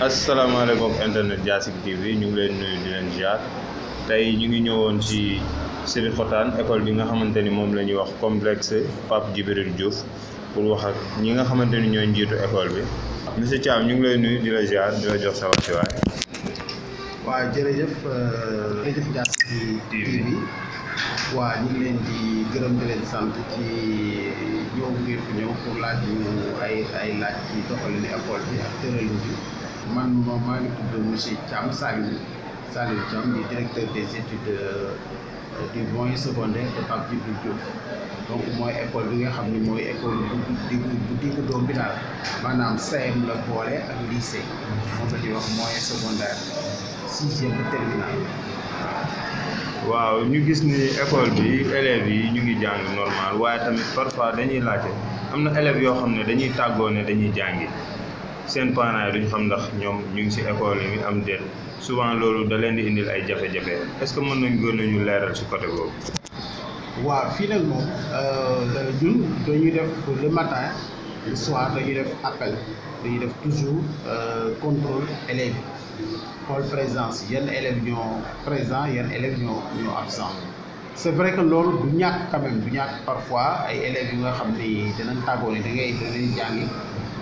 Assalamualaikum internet jasik TV ñu ngi leen nuyu di leen ziar tey ñu ngi ñëwoon ci Sérif Khoutane école bi nga xamante ni moom la wax complexe Pape Djibril Diouf pour wax ak ñi nga xamante ni njiitu école bi monsieur Thiam ñu ngi lay nuyu di la ziar di la jox sa wàccuwaay. waaw jërëjëf euh, jërëjëf Diassigui TV waa ñu ngi leen di gërëm di leen sant ci ñëw ngir fi ñëw pour laaj ñu ay ay laaj ci doxalinu école bi ak tëralin bi. man moom maa ngi tudd monsieur Thiam Saliou Saliou Thiam di directeur des études euh, du moyen secondaire de Pape Djibril donc mooy école bi nga xam ni mooy école bu diggu bu diggu doom bi daal maanaam CM la boole ak lycée moom la ñuy wax moyen secondaire sixième ba terminale waaw ñu gis ni école bi élèves yi ñu ngi jàng normal waaye tamit parfois dañuy laajte am na élèves yoo xam ne dañuy tàggoone dañuy jàngi seen parents duñ xam ndax ñoom ñu ngi ci école yi am déet souvent loolu da leen di indil ay jafe-jafe est-ce que mën nañ gën a ñu leeral ci côté boobu. waaw fii nag moom euh, ñun dañuy def le matin le soir dañuy def appel dañuy def toujours euh, contrôle élèves yi xool présence yenn élèves ñoo présent yenn élèves ñoo ñoo absent c'est vrai que loolu du ñàkk quand même du ñàkk parfois ay élèves yi nga xam ni dinañ tàggoo ni da ngay da ngay jàngi.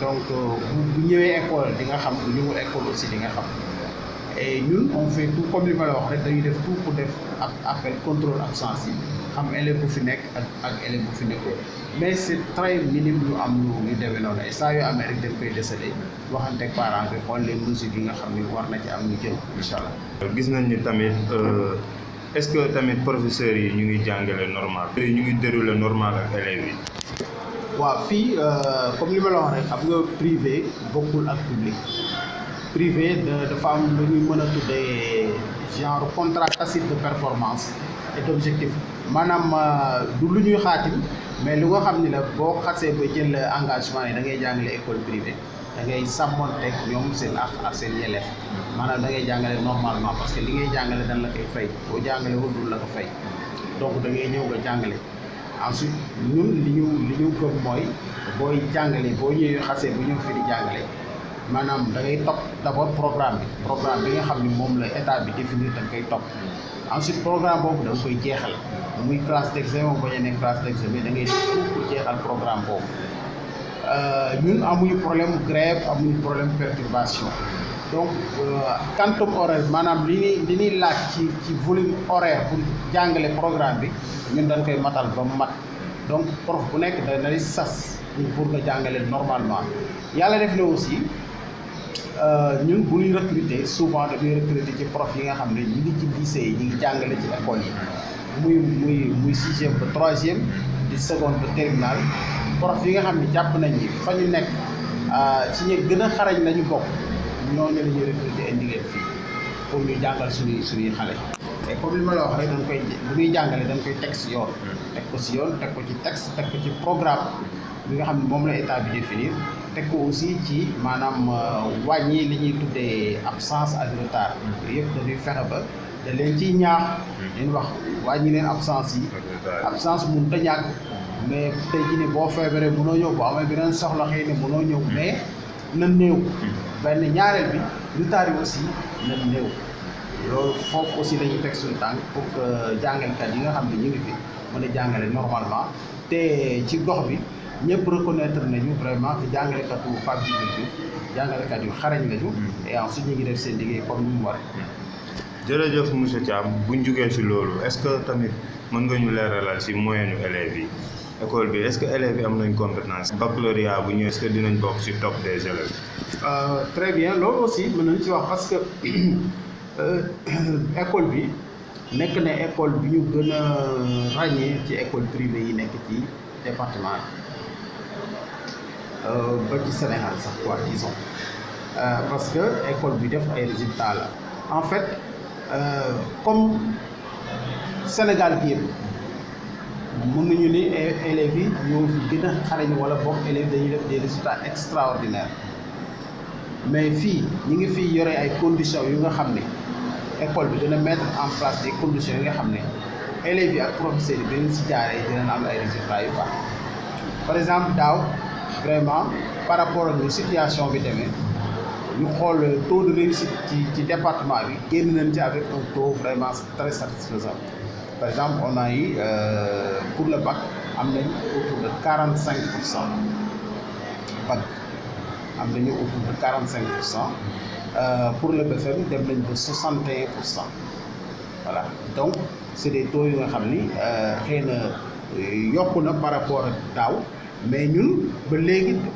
donc euh, bu ñëwee école di nga xam bu ñëwul école aussi di nga xam et ñun fait tout comme li ma la wax rek dañuy def tout pour def ab appel contrôle absence yi xam élève bu fi nekk ak ak élève bu fi nekkul mais c'est très minime ñu am lu ñu demee noonu saa yu amee rek dañ koy décédé waxanteeg parents bi xool les mesures yi nga xam ni war na ci am nu jël incha allah. gis nañ ni tamit euh, est-ce que tamit professeurs yi ñu ngi jàngale normal. ñu ngi dërule normal ak élèves yi. waaw fii euh, comme li ma la wax rek xam nga privé bokkul ak public privé de am lu ñuy mën a tuddee genre contrat tacite de performance et objectif maanaam euh, du lu ñuy mais lu nga xam ni la boo xasee ba jël engagement yi da ngay jàngale école privée da ngay sàmmonteeg ñoom seen ak ak seen yelleef maanaam da ngay jàngale normalement parce que li ngay jàngale dañ la koy fay boo jàngale wul dul la ko fay donc da ngay ñëw nga jàngale ensuite ñun li ñu li ñu gëm mooy booy jàngalee boo ñëwee xasee bu ñëw fi di jàngale maanaam da ngay topp d'abord programme bi programme bi nga xam ni moom la état bi définir da koy topp ensuite programme boobu da koy jeexal muy classe d'examen bañ a nekk classe d'examen da ngay def tout pour jeexal programme boobu euh, ñun amuñu problème grève amuñu problème perturbation donc euh, quantum horaire maanaam li ñuy li laaj ci ci volume horaire bu jàngale programme bi ñun dañ koy matal ba mu mat donc prof bu nekk da na sas pour nga jàngale normalement yàlla def na aussi euh, ñun bu ñuy recruter souvent dañuy recruter ci prof yi nga xam ne ñu ngi ci lycée yi ñu ngi jàngale ci école yi muy muy muy sixième ba troisième di seconde ba terminale prof yi nga xam ne jàpp nañ ni fa ñu nekk euh, ci ñi gën a xarañ lañu bokk ñooñu la ñuy recruter indi leen fii pour ñu jàngal suñuy suñuy xale. te comme li ma la wax rek dañ koy bu ñuy jàngalee dañ koy teg yoon. teg ko si yoon teg ko ci texte teg ko ci programme bi nga xam ne moom la état bi définir teg ko aussi ci maanaam euh, wàññi li ñuy tuddee absence ak retard. yëpp dañuy fexe ba. da leen ciy ñaax. leen wax wàññi leen absence yi. absence mun ta ñàkk. mais tey jii ne boo feebaree mënoo ñëw boo amee beneen soxla xëy ne mënoo ñëw mais. na néew. benn ñaareel bi retard yi aussi na néew. loolu foofu aussi dañuy teg suñu tànk pour que jàngalkat yi nga xam ne ñu ngi fi mën a jàngale normalement te ci gox bi ñëpp reconnaître nañu vraiment que jàngalekatu Pape Djibril Diouf jàngalekat yu xarañ lañu. Mm-hmm. et ensuite ñu ngi def seen liggéey comme ni mu waree. jërëjëf monsieur Thiam bu ñu jugee si loolu est-ce que tamit mën nga ñu leeralal si moyenu élèves yi. école bi est-ce que élèves yi am nañ compétence baccalauréat bu ñëw est-ce que dinañ bokk ci top des élèves. Euh, très bien loolu aussi mën nañu ci wax parce que euh, école bi nekk na école bi ñu gën a ràññee ci école privée yi nekk ci département bi euh, ba ci Sénégal sax quoi disons parce que école bi def ay résultats la en fait comme Sénégal bi mën nañu ni élèves yi ñoo fi gën a xarañ wala boog élèves dañuy def des résultats extraordinaires mais fii ñi ngi fi yore ay conditions yu nga xam ne école bi dina mettre en place des conditions yi nga xam ne élèves yi ak professeurs bi benn si jaaree dinañ am ay résultats yu baax par exemple daaw vraiment par rapport ak situation bi demee ñu xool taux de réussite ci ci département bi génn nañ ci avec un taux vraiment très satisfaisant Par exemple, on a eu, euh, pour le bac, a eu autour de 45 pour cent am autour de 45 pour euh, pour le BFM dem de de 61 voilà donc c'est des taux qui nga xam ni euh, euh, par rapport à tao, mais nous, ba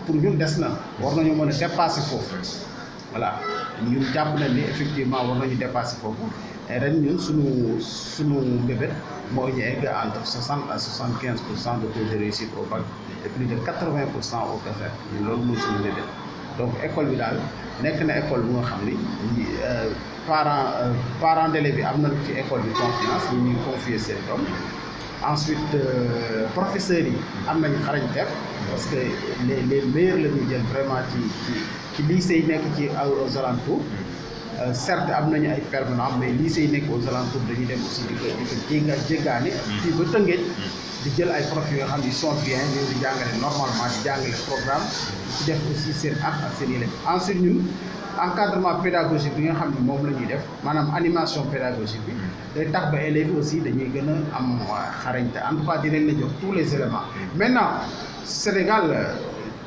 pour ñun des na war dépasser voilà Nous avons effectivement dépassé. dépasser ren ñun suñu suñu mbébét mooy ñu egg entre 60 à 75 pour cent de taux de réussite au bac et plus de 80 pour cent au café loolu mooy suñu mbébét donc école bi daal nekk na école bu nga xam ni euh, parent euh, parent d'élèves bi am ci école bi confiance ñu ñuy confier seen doom ensuite euh, professeurs yi am xarañ def parce que les les meilleurs la ñuy jël vraiment ci ci ci lycée yi nekk ci aux alentours Eh, certes am nañu ay permanent mais lycée yi nekk aux alentours dañuy dem aussi di ko di ko jénga jéggaane mm. fii ba tëngeej di jël ay prof yi nga xam ne sont bien ñoo di jàngale normalement di jàngale programme di def aussi seen ak ak seen élève ensuite ñun encadrement pédagogique bi nga xam ne moom la ñuy def maanaam animation pédagogique bi mm. day tax ba élèves aussi dañuy gën a am xarañte en tout cas dinañ la jox tous les éléments mm. maintenant Sénégal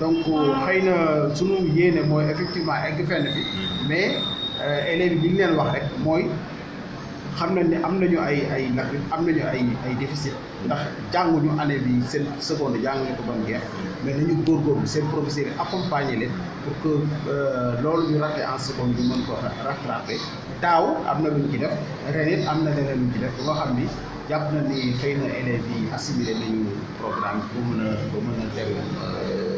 donc xëy na sunu yéene mooy effectivement egg fenn fi mais euh, élèves yi li ñu leen wax rek mooy xam na ni am nañu ay ay lakk am nañu ay ay déficit ndax jànguñu année bi seen seconde jànguñu ko ban jeex mais nañu góorgóorlu seen professeurs yi accompagner leen pour que euh, loolu ñu raté en seconde ñu mën ko rattrapé daaw am na luñ ci def ren am na lu luñ ci def ba nga xam ni jàpp na ni xëy na élèves yi assimilé nañu programme ba mun a ba mën a teew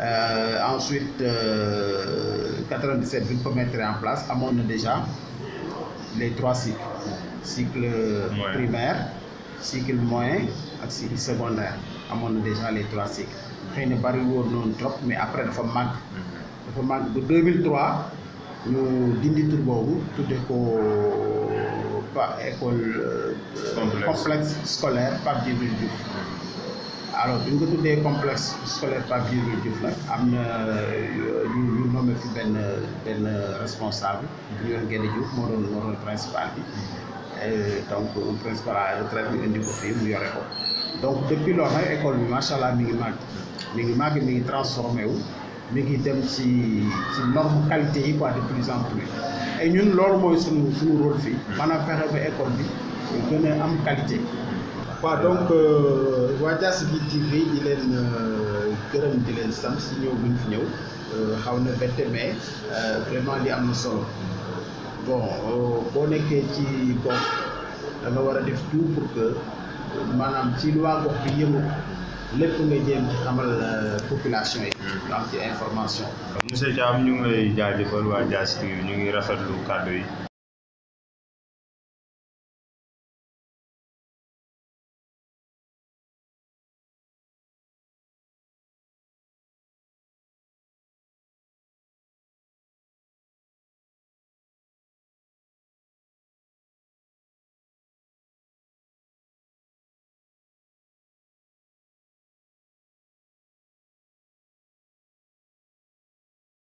Euh, ensuite 97 bi ñu mettre en place amoon déjà les trois cycles. cycle primaire cycle moyen et cycle secondaire amoon na déjà les trois cycles. rien ne bari non trop mais après dafa màgg. Mhm. dafa màgg de 2003 nous dindit tout le tudde ko euh, pas école. Euh, complexe scolaire par Djibril alors bi ñu ko tuddee complexe scolaire Pape Djibril Diouf la am na euh, ñu ñu nommé fi benn benn responsable bu ñu wax Guède Diouf moo doon moo doon principal bi euh, donc fii mu yore ko donc depuis loolu nag école bi macha allah mi ngi màgg mi ngi màgg mi ngi transformé wu mi ngi dem ci ci norme qualité yi quoi de plus en plus et ñun loolu mooy suñu suñu rôle fii maanaam fexe ba école bi gën a am qualité waaw donc euh, waa Diassigui TV di leen euh, gërëm di leen sant si ñëw bu fi ñëw euh, xaw na bette mais vraiment li am na solo bon boo nekkee ci gox da war a def tout pour que maanaam ci lu waa gox bi yëngu lépp nga jéem ci xamal population yi. nga hmm. am ci information. monsieur Thiam ñu ngi lay jaajëfal waa Diassigui TV ñu ngi rafetlu kàddu yi.